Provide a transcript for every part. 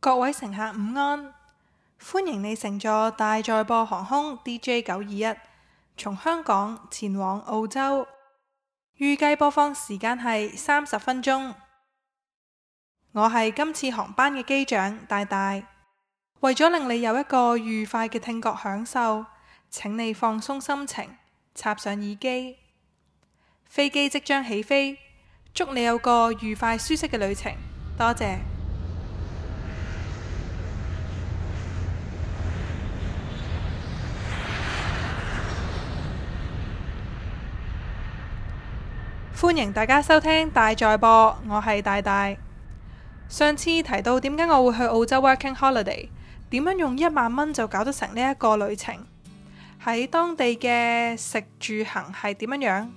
各位乘客午安，歡迎你乘坐大載播航空 DJ 九二一，從香港前往澳洲，預計播放時間係三十分鐘。我係今次航班嘅機長大大，為咗令你有一個愉快嘅聽覺享受，請你放鬆心情，插上耳機。飛機即將起飛，祝你有個愉快舒適嘅旅程。多謝。歡迎大家收聽大在播，我係大大。上次提到點解我會去澳洲 working holiday，點樣用一萬蚊就搞得成呢一個旅程？喺當地嘅食住行係點樣樣？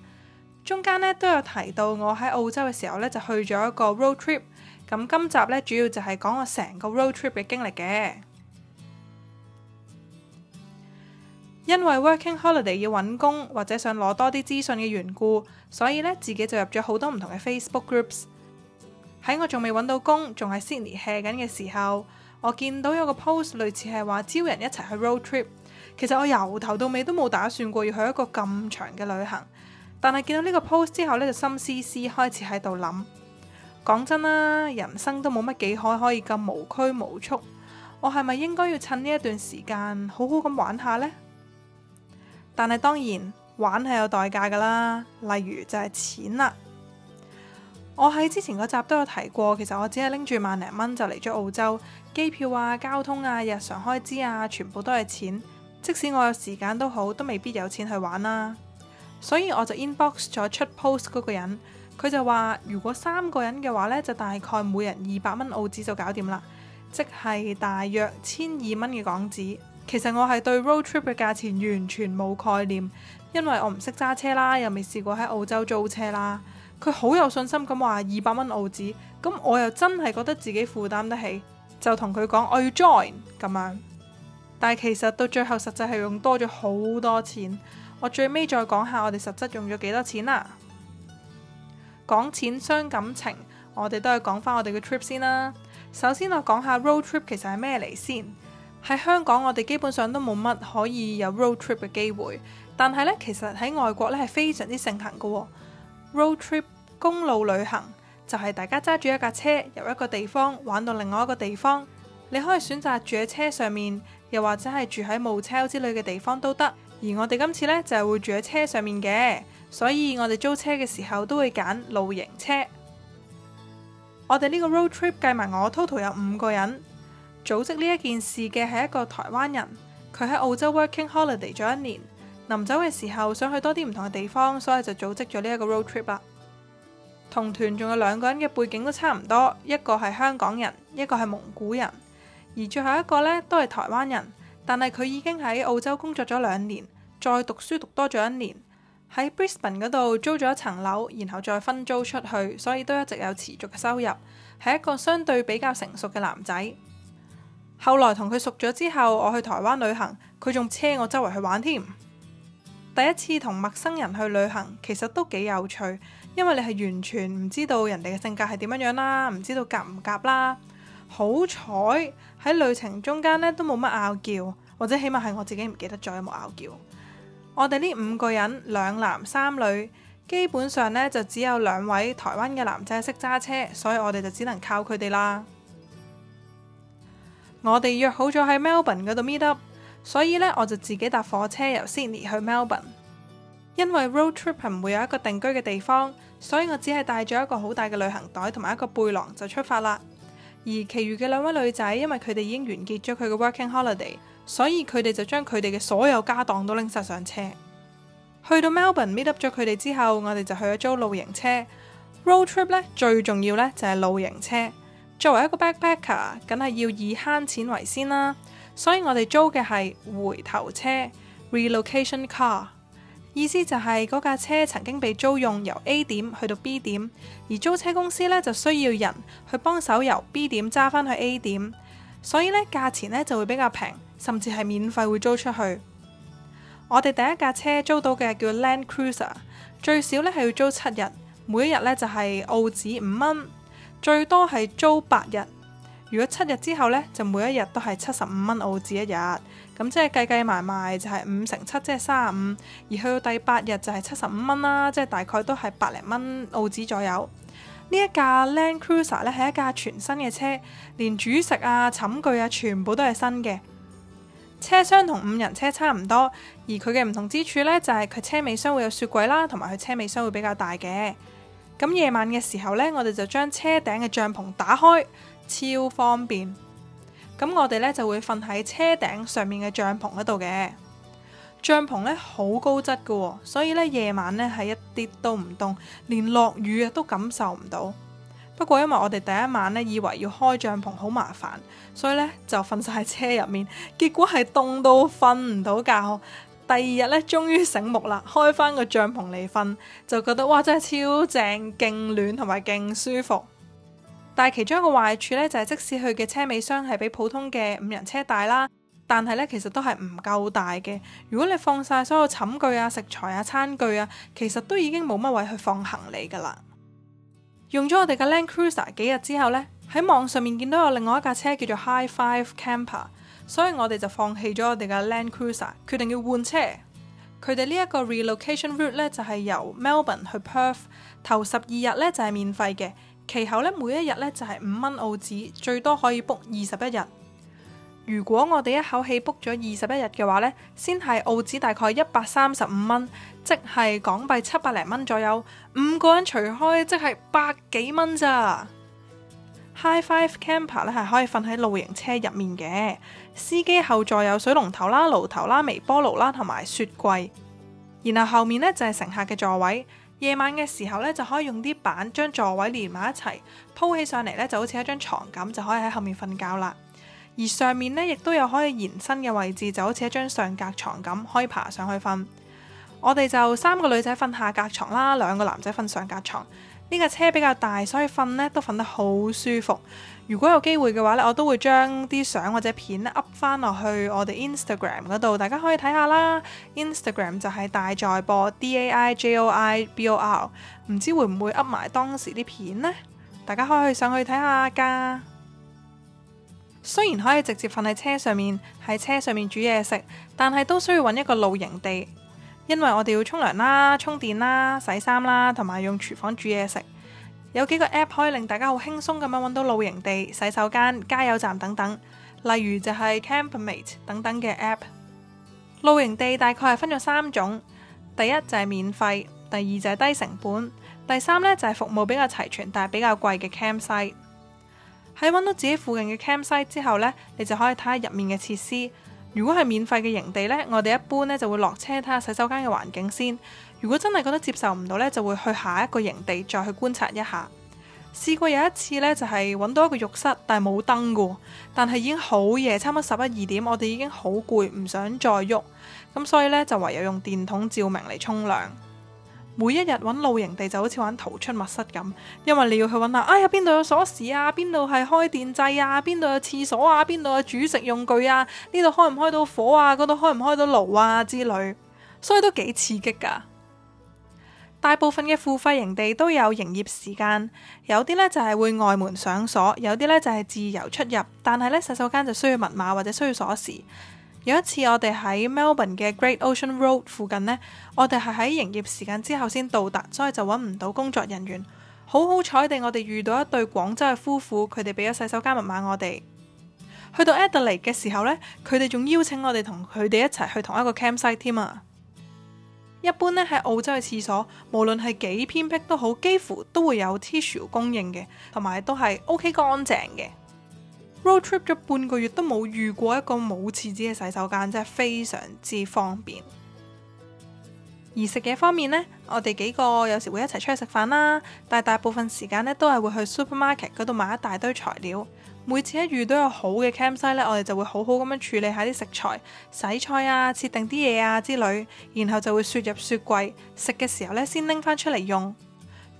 中間咧都有提到我喺澳洲嘅時候咧就去咗一個 road trip。咁今集咧主要就係講我成個 road trip 嘅經歷嘅。因為 working holiday 要揾工或者想攞多啲資訊嘅緣故，所以咧自己就入咗好多唔同嘅 Facebook groups。喺我仲未揾到工，仲係 Sydney hea 緊嘅時候，我見到有個 post 類似係話招人一齊去 road trip。其實我由頭到尾都冇打算過要去一個咁長嘅旅行，但係見到呢個 post 之後咧，就心思思開始喺度諗。講真啦，人生都冇乜幾可可以咁無拘無束。我係咪應該要趁呢一段時間好好咁玩下呢？但係當然玩係有代價噶啦，例如就係錢啦。我喺之前嗰集都有提過，其實我只係拎住萬零蚊就嚟咗澳洲，機票啊、交通啊、日常開支啊，全部都係錢。即使我有時間都好，都未必有錢去玩啦。所以我就 inbox 咗出 post 嗰個人，佢就話如果三個人嘅話呢，就大概每人二百蚊澳紙就搞掂啦，即係大約千二蚊嘅港紙。其實我係對 road trip 嘅價錢完全冇概念，因為我唔識揸車啦，又未試過喺澳洲租車啦。佢好有信心咁話二百蚊澳紙，咁我又真係覺得自己負擔得起，就同佢講我要 join 咁樣。但係其實到最後實際係用多咗好多錢。我最尾再講下我哋實質用咗幾多錢啦、啊。講錢傷感情，我哋都係講翻我哋嘅 trip 先啦。首先我講下 road trip 其實係咩嚟先。喺香港，我哋基本上都冇乜可以有 road trip 嘅機會。但係呢，其實喺外國呢係非常之盛行㗎喎。road trip 公路旅行，就係大家揸住一架車，由一個地方玩到另外一個地方。你可以選擇住喺車上面，又或者係住喺露車之類嘅地方都得。而我哋今次呢，就係會住喺車上面嘅，所以我哋租車嘅時候都會揀露營車。我哋呢個 road trip 計埋我，我，total 有五個人。組織呢一件事嘅係一個台灣人，佢喺澳洲 working holiday 咗一年，臨走嘅時候想去多啲唔同嘅地方，所以就組織咗呢一個 road trip 啦。同團仲有兩個人嘅背景都差唔多，一個係香港人，一個係蒙古人，而最後一個呢都係台灣人，但係佢已經喺澳洲工作咗兩年，再讀書讀多咗一年，喺 Brisbane 嗰度租咗一層樓，然後再分租出去，所以都一直有持續嘅收入，係一個相對比較成熟嘅男仔。後來同佢熟咗之後，我去台灣旅行，佢仲車我周圍去玩添。第一次同陌生人去旅行，其實都幾有趣，因為你係完全唔知道人哋嘅性格係點樣樣啦，唔知道夾唔夾啦。好彩喺旅程中間呢都冇乜拗撬，或者起碼係我自己唔記得再有冇拗撬。我哋呢五個人兩男三女，基本上呢就只有兩位台灣嘅男仔識揸車，所以我哋就只能靠佢哋啦。我哋約好咗喺 Melbourne 嗰度 meet up，所以咧我就自己搭火車由 Sydney 去 Melbourne。因為 Road Trip 係唔會有一個定居嘅地方，所以我只係帶咗一個好大嘅旅行袋同埋一個背囊就出發啦。而其餘嘅兩位女仔因為佢哋已經完結咗佢嘅 working holiday，所以佢哋就將佢哋嘅所有家當都拎晒上車。去到 Melbourne meet up 咗佢哋之後，我哋就去咗租露營車。Road Trip 咧最重要咧就係露營車。作為一個 backpacker，梗係要以慳錢為先啦，所以我哋租嘅係回頭車 （relocation car），意思就係嗰架車曾經被租用由 A 點去到 B 點，而租車公司咧就需要人去幫手由 B 點揸翻去 A 點，所以咧價錢咧就會比較平，甚至係免費會租出去。我哋第一架車租到嘅叫 Land Cruiser，最少咧係要租七日，每一日咧就係澳紙五蚊。最多係租八日，如果七日之後呢，就每一日都係七十五蚊澳紙一日。咁即係計計埋埋就係五乘七，即係三十五。而去到第八日就係七十五蚊啦，即係大概都係百零蚊澳紙左右。呢一架 Land Cruiser 咧係一架全新嘅車，連主食啊、寢具啊全部都係新嘅。車廂同五人車差唔多，而佢嘅唔同之處呢，就係佢車尾箱會有雪櫃啦，同埋佢車尾箱會比較大嘅。咁夜晚嘅時候呢，我哋就將車頂嘅帳篷打開，超方便。咁我哋呢就會瞓喺車頂上面嘅帳篷嗰度嘅。帳篷呢好高質㗎喎，所以呢夜晚呢係一啲都唔凍，連落雨都感受唔到。不過因為我哋第一晚呢以為要開帳篷好麻煩，所以呢就瞓晒喺車入面，結果係凍到瞓唔到覺。第二日咧，終於醒目啦，開翻個帳篷嚟瞓，就覺得哇，真係超正，勁暖同埋勁舒服。但係其中一個壞處咧，就係即使佢嘅車尾箱係比普通嘅五人車大啦，但係咧其實都係唔夠大嘅。如果你放晒所有寢具啊、食材啊、餐具啊，其實都已經冇乜位去放行李噶啦。用咗我哋嘅 Land Cruiser 幾日之後呢，喺網上面見到有另外一架車叫做 High Five Camper。所以我哋就放棄咗我哋嘅 Land Cruiser，決定要換車。佢哋呢一個 relocation route 咧，就係由 Melbourne 去 Perth，頭十二日咧就係免費嘅，其後咧每一日咧就係五蚊澳紙，最多可以 book 二十一日。如果我哋一口氣 book 咗二十一日嘅話咧，先係澳紙大概一百三十五蚊，即係港幣七百零蚊左右。五個人除開，即係百幾蚊咋？High Five Camper 咧係可以瞓喺露營車入面嘅。司機後座有水龍頭啦、爐頭啦、微波爐啦，同埋雪櫃。然後後面呢，就係乘客嘅座位。夜晚嘅時候呢，就可以用啲板將座位連埋一齊鋪起上嚟呢，就好似一張床咁，就可以喺後面瞓覺啦。而上面呢，亦都有可以延伸嘅位置，就好似一張上格床咁，可以爬上去瞓。我哋就三個女仔瞓下格床啦，兩個男仔瞓上格床。呢架車比較大，所以瞓呢都瞓得好舒服。如果有機會嘅話呢，我都會將啲相或者片噏返落去我哋 Instagram 嗰度，大家可以睇下啦。Instagram 就係大在播 D A I J O I B O R，唔知會唔會噏埋當時啲片呢？大家可以上去睇下㗎。雖然可以直接瞓喺車上面，喺車上面煮嘢食，但係都需要揾一個露營地。因為我哋要沖涼啦、充電啦、洗衫啦，同埋用廚房煮嘢食，有幾個 App 可以令大家好輕鬆咁樣揾到露營地、洗手間、加油站等等。例如就係 Campmate 等等嘅 App。露營地大概係分咗三種：第一就係免費，第二就係低成本，第三呢就係服務比較齊全但係比較貴嘅 campsite。喺揾到自己附近嘅 campsite 之後呢，你就可以睇下入面嘅設施。如果係免費嘅營地呢，我哋一般呢就會落車睇下洗手間嘅環境先。如果真係覺得接受唔到呢，就會去下一個營地再去觀察一下。試過有一次呢，就係揾到一個浴室，但係冇燈嘅喎。但係已經好夜，差唔多十一二點，我哋已經好攰，唔想再喐。咁所以呢，就唯有用電筒照明嚟沖涼。每一日揾露營地就好似玩逃出密室咁，因為你要去揾下，哎呀邊度有鎖匙啊，邊度係開電掣啊，邊度有廁所啊，邊度有煮食用具啊，呢度開唔開到火啊，嗰度開唔開到爐啊之類，所以都幾刺激噶。 大部分嘅付費營地都有營業時間，有啲呢就係會外門上鎖，有啲呢就係自由出入，但係呢洗手間就需要密碼或者需要鎖匙。有一次我哋喺 Melbourne 嘅 Great Ocean Road 附近呢，我哋係喺營業時間之後先到達，所以就揾唔到工作人員。好好彩地，我哋遇到一對廣州嘅夫婦，佢哋俾咗洗手間密碼我哋。去到 Adelaide 嘅時候呢佢哋仲邀請我哋同佢哋一齊去同一個 campsite 添啊。一般呢，喺澳洲嘅廁所，無論係幾偏僻都好，幾乎都會有 tissue 供應嘅，同埋都係 OK 乾淨嘅。Road trip 咗半個月都冇遇過一個冇廁紙嘅洗手間，真係非常之方便。而食嘢方面呢，我哋幾個有時會一齊出去食飯啦，但係大部分時間呢都係會去 supermarket 嗰度買一大堆材料。每次一遇到有好嘅 campsite 咧，我哋就會好好咁樣處理下啲食材、洗菜啊、設定啲嘢啊之類，然後就會雪入雪櫃，食嘅時候呢，先拎翻出嚟用。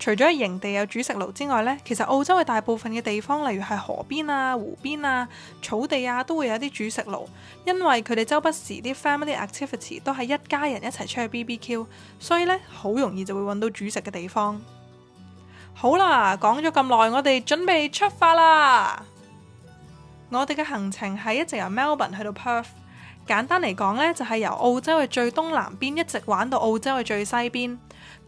除咗營地有煮食爐之外呢，其實澳洲嘅大部分嘅地方，例如係河邊啊、湖邊啊、草地啊，都會有啲煮食爐。因為佢哋周不時啲 family activity 都係一家人一齊出去 BBQ，所以呢好容易就會揾到煮食嘅地方。好啦，講咗咁耐，我哋準備出發啦！我哋嘅行程係一直由 Melbourne 去到 Perth，簡單嚟講呢就係由澳洲嘅最東南邊一直玩到澳洲嘅最西邊。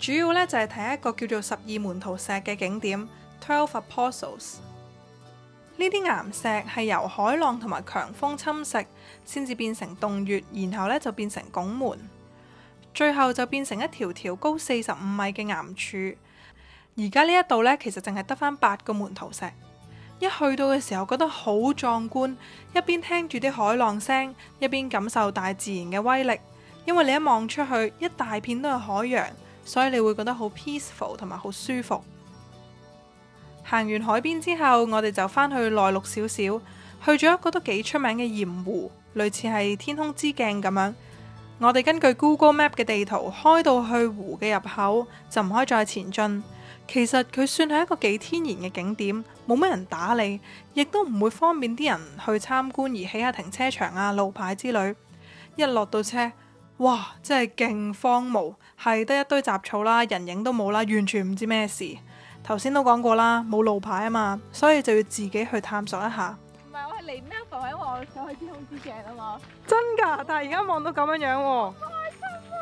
主要呢，就係睇一個叫做十二門徒石嘅景點。Twelve Apostles。呢啲岩石係由海浪同埋強風侵蝕先至變成洞穴，然後呢，就變成拱門，最後就變成一條條高四十五米嘅岩柱。而家呢一度呢，其實淨係得返八個門徒石。一去到嘅時候覺得好壯觀，一邊聽住啲海浪聲，一邊感受大自然嘅威力。因為你一望出去，一大片都係海洋。所以你會覺得好 peaceful 同埋好舒服。行完海邊之後，我哋就返去內陸少少，去咗一個都幾出名嘅鹽湖，類似係天空之鏡咁樣。我哋根據 Google Map 嘅地圖開到去湖嘅入口，就唔可以再前進。其實佢算係一個幾天然嘅景點，冇乜人打理，亦都唔會方便啲人去參觀而起下停車場啊、路牌之類。一落到車，哇，真係勁荒蕪！係得一堆雜草啦，人影都冇啦，完全唔知咩事。頭先都講過啦，冇路牌啊嘛，所以就要自己去探索一下。唔係，我係嚟 Maverick，因為我想去天空之鏡啊嘛。真噶？但係而家望到咁樣樣喎。開心啊！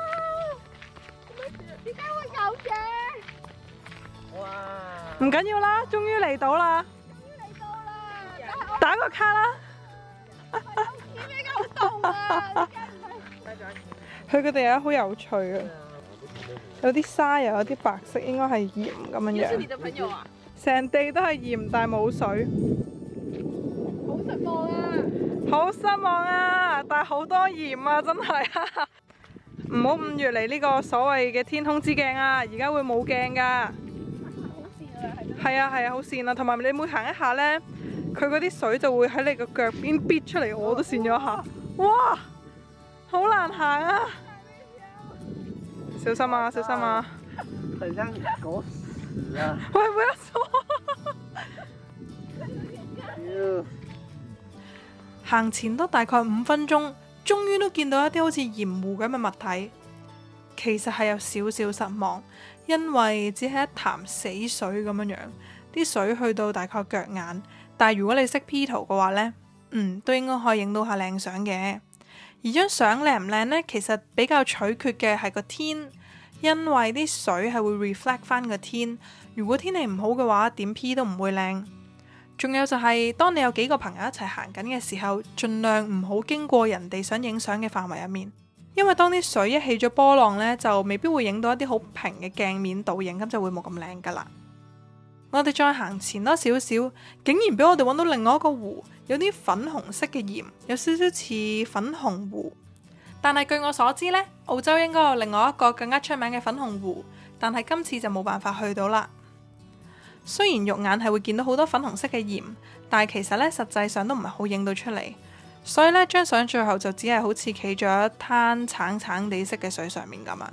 點解會有嘅？哇！唔緊要啦，終於嚟到啦！終於嚟到啦！打個卡啦！好凍啊！佢個地啊，好哈有趣啊！有啲沙又有啲白色，應該係鹽咁樣樣。成 地都係鹽，但係冇水。好失望啊！好失望啊！但係好多鹽啊，真係。唔好五月嚟呢個所謂嘅天空之鏡啊！而家會冇鏡噶。係啊係啊，好跣啊！同埋你每行一下呢，佢嗰啲水就會喺你個腳邊逼出嚟，我都跣咗一下。哇！好難行啊！小心啊，小心啊！ 喂，行 前都大概五分鐘，終於都見到一啲好似鹽湖咁嘅物體，其實係有少少失望，因為只係一潭死水咁樣樣，啲水去到大概腳眼，但係如果你識 P 圖嘅話呢，嗯，都應該可以影到下靚相嘅。而張相靚唔靚呢？其實比較取決嘅係個天，因為啲水係會 reflect 翻個天。如果天氣唔好嘅話，點 P 都唔會靚。仲有就係，當你有幾個朋友一齊行緊嘅時候，盡量唔好經過人哋想影相嘅範圍入面，因為當啲水一起咗波浪呢，就未必會影到一啲好平嘅鏡面倒影，咁就會冇咁靚噶啦。我哋再行前多少少，竟然俾我哋揾到另外一個湖，有啲粉紅色嘅鹽，有少少似粉紅湖。但係據我所知呢，澳洲應該有另外一個更加出名嘅粉紅湖，但係今次就冇辦法去到啦。雖然肉眼係會見到好多粉紅色嘅鹽，但係其實呢實際上都唔係好影到出嚟，所以呢張相最後就只係好似企咗一灘橙橙地色嘅水上面咁啊。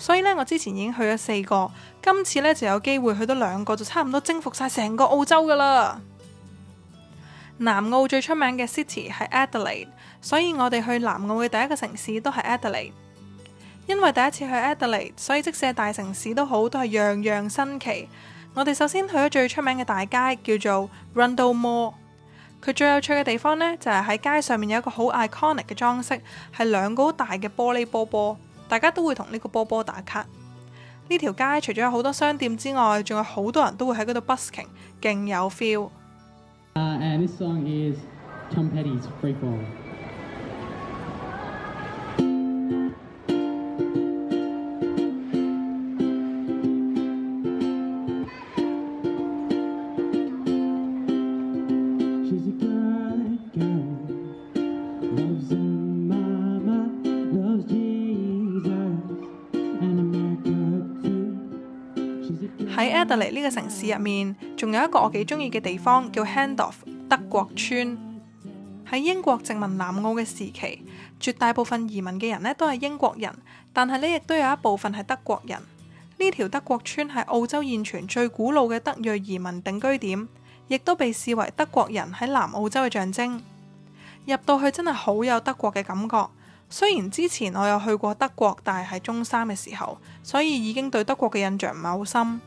所以咧，我之前已經去咗四個，今次咧就有機會去到兩個，就差唔多征服晒成個澳洲噶啦。南澳最出名嘅 city 係 Adelaide，所以我哋去南澳嘅第一個城市都係 Adelaide。因為第一次去 Adelaide，所以即使係大城市都好，都係樣樣新奇。我哋首先去咗最出名嘅大街叫做 Rundle Mall。佢最有趣嘅地方呢，就係喺街上面有一個好 iconic 嘅裝飾，係兩個好大嘅玻璃波波。大家都會同呢個波波打卡。呢條街除咗有好多商店之外，仲有好多人都會喺嗰度 busking，勁有 feel。Uh, 喺 Adelaide 呢個城市入面，仲有一個我幾中意嘅地方，叫 Handorf 德國村。喺英國殖民南澳嘅時期，絕大部分移民嘅人呢都係英國人，但係呢亦都有一部分係德國人。呢條德國村係澳洲現存最古老嘅德裔移民定居點，亦都被視為德國人喺南澳洲嘅象徵。入到去真係好有德國嘅感覺。雖然之前我有去過德國，但係係中三嘅時候，所以已經對德國嘅印象唔係好深。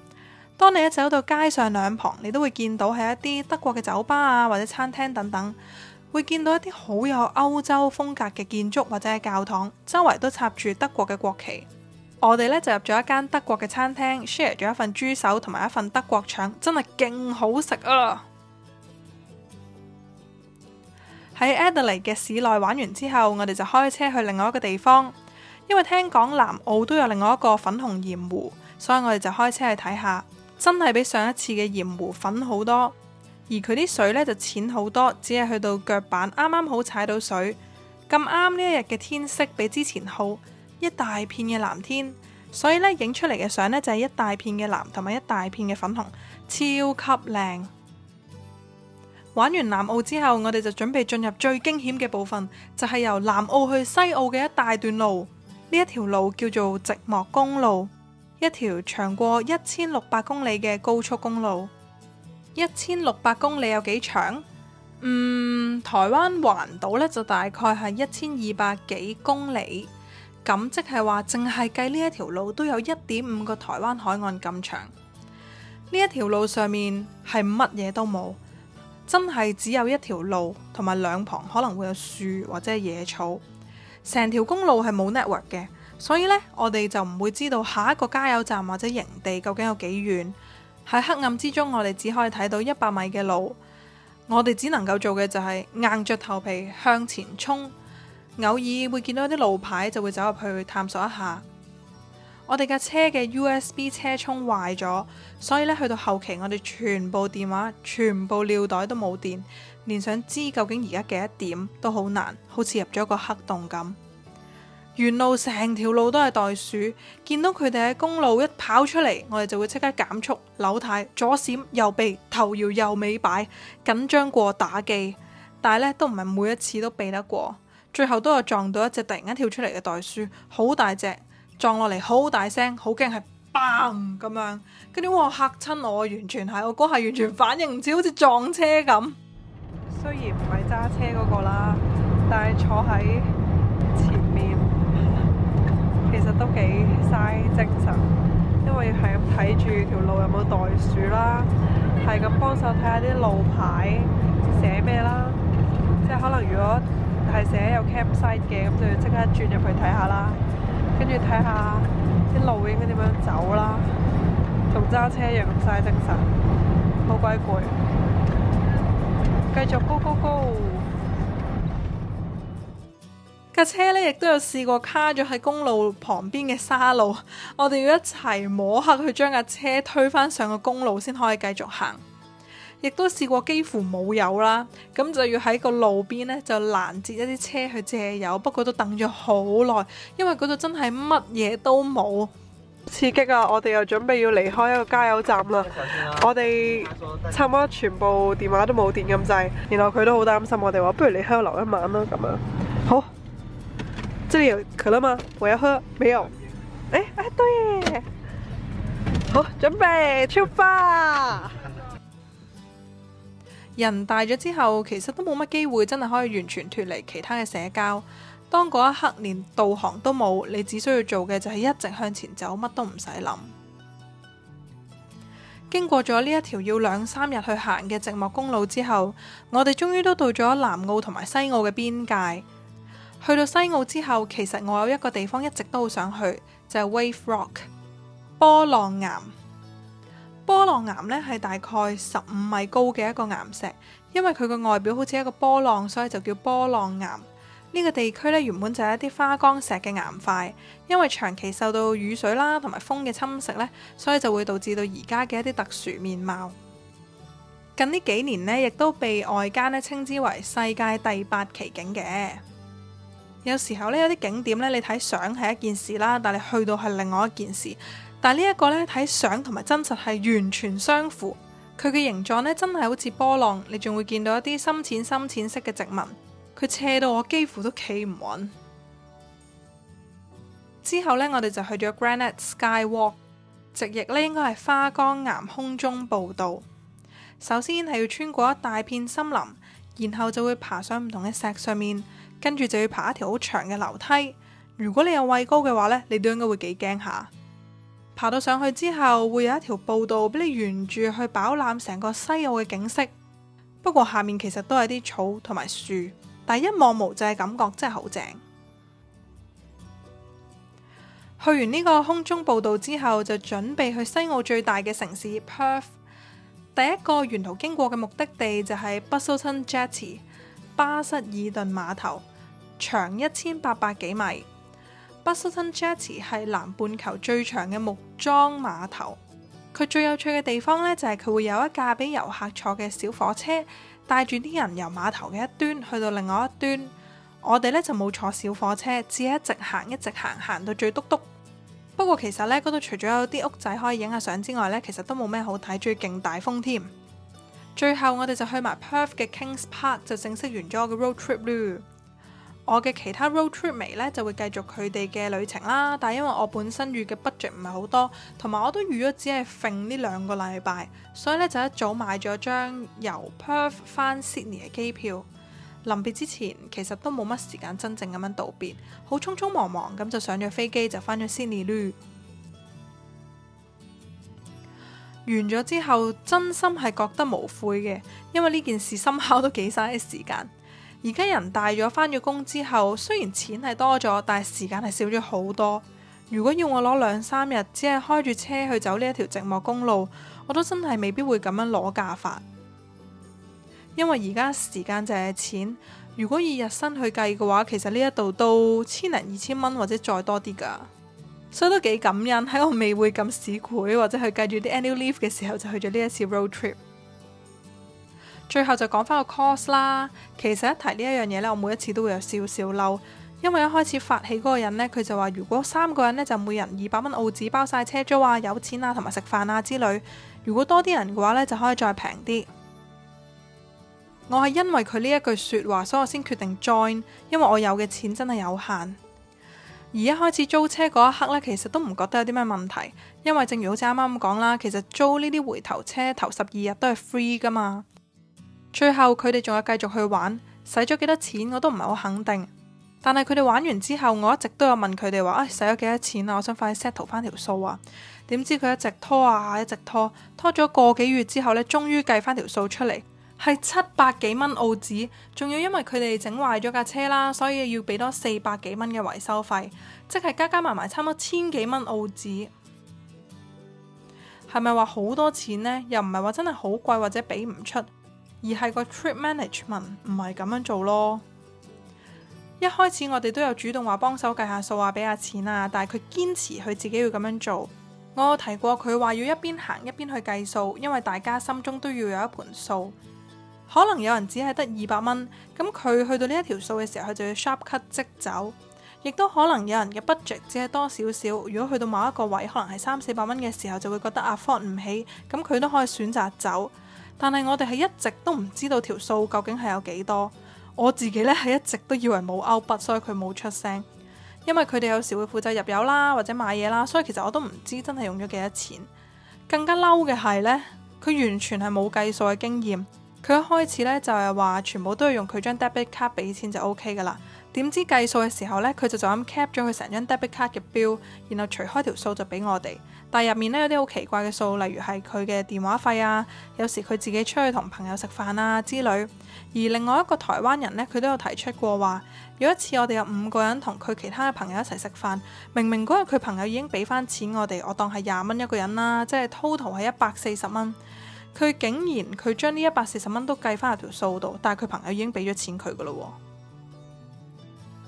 當你一走到街上兩旁，你都會見到係一啲德國嘅酒吧啊，或者餐廳等等，會見到一啲好有歐洲風格嘅建築，或者係教堂，周圍都插住德國嘅國旗。我哋呢就入咗一間德國嘅餐廳，share 咗一份豬手同埋一份德國腸，真係勁好食啊！喺 Adelaide 嘅市內玩完之後，我哋就開車去另外一個地方，因為聽講南澳都有另外一個粉紅鹽湖，所以我哋就開車去睇下。真係比上一次嘅鹽湖粉好多，而佢啲水呢就淺好多，只係去到腳板啱啱好踩到水。咁啱呢一日嘅天色比之前好，一大片嘅藍天，所以呢影出嚟嘅相呢就係一大片嘅藍同埋一大片嘅粉紅，超級靚。玩完南澳之後，我哋就準備進入最驚險嘅部分，就係由南澳去西澳嘅一大段路，呢一條路叫做寂寞公路。一條長過一千六百公里嘅高速公路，一千六百公里有幾長？嗯，台灣環島呢就大概係一千二百幾公里，咁即係話淨係計呢一條路都有一點五個台灣海岸咁長。呢一條路上面係乜嘢都冇，真係只有一條路，同埋兩旁可能會有樹或者野草，成條公路係冇 network 嘅。所以咧，我哋就唔會知道下一個加油站或者營地究竟有幾遠。喺黑暗之中，我哋只可以睇到一百米嘅路。我哋只能夠做嘅就係硬着頭皮向前衝。偶爾會見到啲路牌，就會走入去探索一下。我哋架車嘅 USB 車充壞咗，所以咧去到後期，我哋全部電話、全部尿袋都冇電，連想知究竟而家幾多點都好難，好似入咗個黑洞咁。沿路成條路都係袋鼠，見到佢哋喺公路一跑出嚟，我哋就會即刻減速、扭軚、左閃、右避、頭搖、右尾擺，緊張過打機。但係咧都唔係每一次都避得過，最後都有撞到一隻突然間跳出嚟嘅袋鼠，好大隻，撞落嚟好大聲，好驚係嘣咁樣，跟住哇，吓親我，完全係，我哥係完全反應唔似，好似撞車咁。雖然唔係揸車嗰個啦，但係坐喺前。其實都幾嘥精神，因為係咁睇住條路有冇袋鼠啦，係咁幫手睇下啲路牌寫咩啦，即係可能如果係寫有 campsite 嘅，咁就要即刻轉入去睇下啦，跟住睇下啲路應該點樣走啦，同揸車一樣咁嘥精神，好鬼攰，繼續高高高。Go, Go, Go. 架車咧，亦都有試過卡咗喺公路旁邊嘅沙路，我哋要一齊摸黑去將架車推返上個公路先可以繼續行。亦都試過幾乎冇油啦，咁就要喺個路邊咧就攔截一啲車去借油，不過都等咗好耐，因為嗰度真係乜嘢都冇。刺激啊！我哋又準備要離開一個加油站啦。我哋差唔多全部電話都冇電咁滯，然後佢都好擔心我哋話，不如你喺度留一晚啦咁樣。好。這裏有可樂嗎？我要喝。沒有。誒、哎啊，對，好，準備出發。人大咗之後，其實都冇乜機會真係可以完全脫離其他嘅社交。當嗰一刻連導航都冇，你只需要做嘅就係一直向前走，乜都唔使諗。經過咗呢一條要兩三日去行嘅寂寞公路之後，我哋終於都到咗南澳同埋西澳嘅邊界。去到西澳之後，其實我有一個地方一直都好想去，就係、是、Wave Rock 波浪岩。波浪岩呢係大概十五米高嘅一個岩石，因為佢個外表好似一個波浪，所以就叫波浪岩。呢、這個地區呢，原本就係一啲花崗石嘅岩塊，因為長期受到雨水啦同埋風嘅侵蝕呢，所以就會導致到而家嘅一啲特殊面貌。近呢幾年呢，亦都被外間呢稱之為世界第八奇景嘅。有時候呢，有啲景點呢，你睇相係一件事啦，但你去到係另外一件事。但係呢一個呢，睇相同埋真實係完全相符。佢嘅形狀呢，真係好似波浪，你仲會見到一啲深淺深淺色嘅植物。佢斜到我幾乎都企唔穩。之後呢，我哋就去咗 Granite Skywalk，直譯呢，應該係花崗岩空中步道。首先係要穿過一大片森林，然後就會爬上唔同嘅石上面。跟住就要爬一條好長嘅樓梯。如果你有畏高嘅話呢，你都應該會幾驚下。爬到上去之後，會有一條步道俾你沿住去飽覽成個西澳嘅景色。不過下面其實都係啲草同埋樹，但一望無際嘅感覺真係好正。去完呢個空中步道之後，就準備去西澳最大嘅城市 Perth。第一個沿途經過嘅目的地就係 Busselton Jetty 巴塞爾頓碼頭。長一千八百幾米 Busselton Jetty 係南半球最長嘅木樁碼頭。佢最有趣嘅地方咧，就係、是、佢會有一架俾遊客坐嘅小火車，帶住啲人由碼頭嘅一端去到另外一端。我哋咧就冇坐小火車，只係一直行，一直行，行到最篤篤。不過其實咧，嗰度除咗有啲屋仔可以影下相之外咧，其實都冇咩好睇，最勁大風添。最後我哋就去埋 Perth 嘅 Kings Park，就正式完咗我嘅 road trip 啦。我嘅其他 road trip 未咧，就會繼續佢哋嘅旅程啦。但因為我本身預嘅 budget 唔係好多，同埋我都預咗只係揈呢兩個禮拜，所以呢，就一早買咗張由 Perth 翻 Sydney 嘅機票。臨別之前，其實都冇乜時間真正咁樣道別，好匆匆忙忙咁就上咗飛機就返咗 Sydney。完咗之後，真心係覺得無悔嘅，因為呢件事深刻都幾嘥時間。而家人大咗，返咗工之後，雖然錢係多咗，但係時間係少咗好多。如果要我攞兩三日，只係開住車去走呢一條寂寞公路，我都真係未必會咁樣攞假法，因為而家時間就係錢。如果以日薪去計嘅話，其實呢一度都千零二千蚊或者再多啲㗎，所以都幾感恩喺我未會咁市儈或者去計住啲 annual leave 嘅時候，就去咗呢一次 road trip。最後就講翻個 cost 啦。其實一提呢一樣嘢呢，我每一次都會有少少嬲，因為一開始發起嗰個人呢，佢就話如果三個人呢，就每人二百蚊澳紙包晒車租啊、有錢啊、同埋食飯啊之類。如果多啲人嘅話呢，就可以再平啲。我係因為佢呢一句說話，所以我先決定 join，因為我有嘅錢真係有限。而一開始租車嗰一刻呢，其實都唔覺得有啲咩問題，因為正如好似啱啱咁講啦，其實租呢啲回頭車頭十二日都係 free 噶嘛。最後佢哋仲有繼續去玩，使咗幾多錢我都唔係好肯定。但係佢哋玩完之後，我一直都有問佢哋話：誒、哎，使咗幾多錢啊？我想快 settle 翻條數啊！點知佢一直拖啊，一直拖，拖咗個幾月之後呢，終於計翻條數出嚟，係七百幾蚊澳紙，仲要因為佢哋整壞咗架車啦，所以要俾多四百幾蚊嘅維修費，即係加加埋埋差唔多千幾蚊澳紙。係咪話好多錢呢？又唔係話真係好貴或者俾唔出？而係個 trip management 唔係咁樣做咯。一開始我哋都有主動話幫手計下數啊，俾下錢啊，但係佢堅持佢自己要咁樣做。我有提過佢話要一邊行一邊去計數，因為大家心中都要有一盤數。可能有人只係得二百蚊，咁佢去到呢一條數嘅時候，佢就要 sharp cut 即走。亦都可能有人嘅 budget 只係多少少，如果去到某一個位，可能係三四百蚊嘅時候，就會覺得 afford 唔起，咁佢都可以選擇走。但係我哋係一直都唔知道條數究竟係有幾多，我自己呢係一直都以為冇勾筆，所以佢冇出聲。因為佢哋有時會負責入油啦，或者買嘢啦，所以其實我都唔知真係用咗幾多錢。更加嬲嘅係呢，佢完全係冇計數嘅經驗。佢一開始呢就係、係、話全部都要用佢張 debit 卡俾錢就 OK 噶啦。點知計數嘅時候呢，佢就就咁 cap 咗佢成張 debit 卡嘅表，然後除開條數就俾我哋。但入面咧有啲好奇怪嘅數，例如係佢嘅電話費啊，有時佢自己出去同朋友食飯啊之類。而另外一個台灣人呢，佢都有提出過話，有一次我哋有五個人同佢其他嘅朋友一齊食飯，明明嗰日佢朋友已經俾翻錢我哋，我當係廿蚊一個人啦，即係 total 係一百四十蚊，佢竟然佢將呢一百四十蚊都計翻入條數度，但係佢朋友已經俾咗錢佢㗎喇。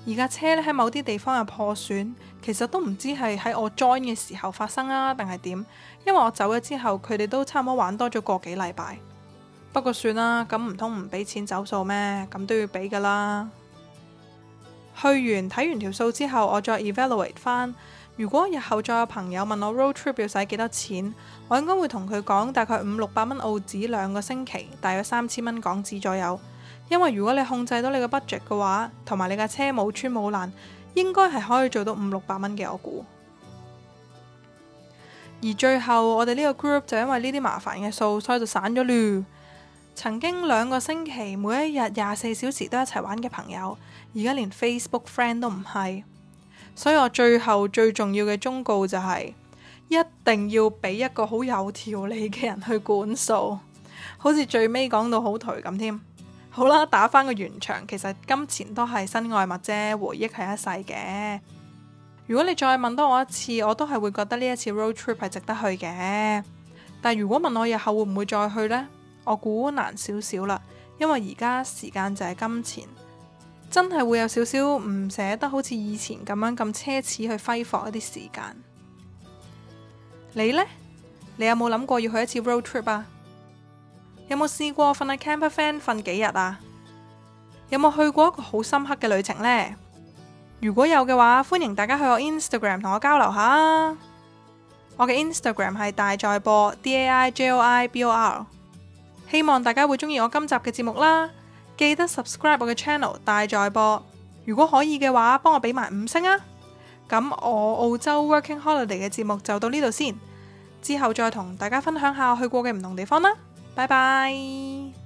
而架車咧喺某啲地方有破損，其實都唔知係喺我 join 嘅時候發生啊，定係點？因為我走咗之後，佢哋都差唔多玩多咗個幾禮拜。不過算啦，咁唔通唔俾錢走數咩？咁都要俾噶啦。去完睇完條數之後，我再 evaluate 返。如果日後再有朋友問我 road trip 要使幾多錢，我應該會同佢講大概五六百蚊澳紙兩個星期，大約三千蚊港紙左右。因為如果你控制到你個 budget 嘅話，同埋你架車冇穿冇爛，應該係可以做到五六百蚊嘅我估。而最後我哋呢個 group 就因為呢啲麻煩嘅數，所以就散咗嚕。曾經兩個星期每一日廿四小時都一齊玩嘅朋友，而家連 Facebook friend 都唔係。所以我最後最重要嘅忠告就係，一定要俾一個好有條理嘅人去管數，好似最尾講到好頹咁添。好啦，打返個圓場，其實金錢都係身外物啫，回憶係一世嘅。如果你再問多我一次，我都係會覺得呢一次 road trip 係值得去嘅。但如果問我日後會唔會再去呢？我估難少少啦，因為而家時間就係金錢，真係會有少少唔捨得，好似以前咁樣咁奢侈去揮霍一啲時間。你呢？你有冇諗過要去一次 road trip 啊？有冇試過瞓喺 camper van 瞓幾日啊？有冇去過一個好深刻嘅旅程呢？如果有嘅話，歡迎大家去我 Instagram 同我交流下。我嘅 Instagram 係大在播 d a i j o i b o r。希望大家會中意我今集嘅節目啦，記得 subscribe 我嘅 channel 大在播。如果可以嘅話，幫我俾埋五星啊！咁我澳洲 working holiday 嘅節目就到呢度先，之後再同大家分享下我去過嘅唔同地方啦。拜拜。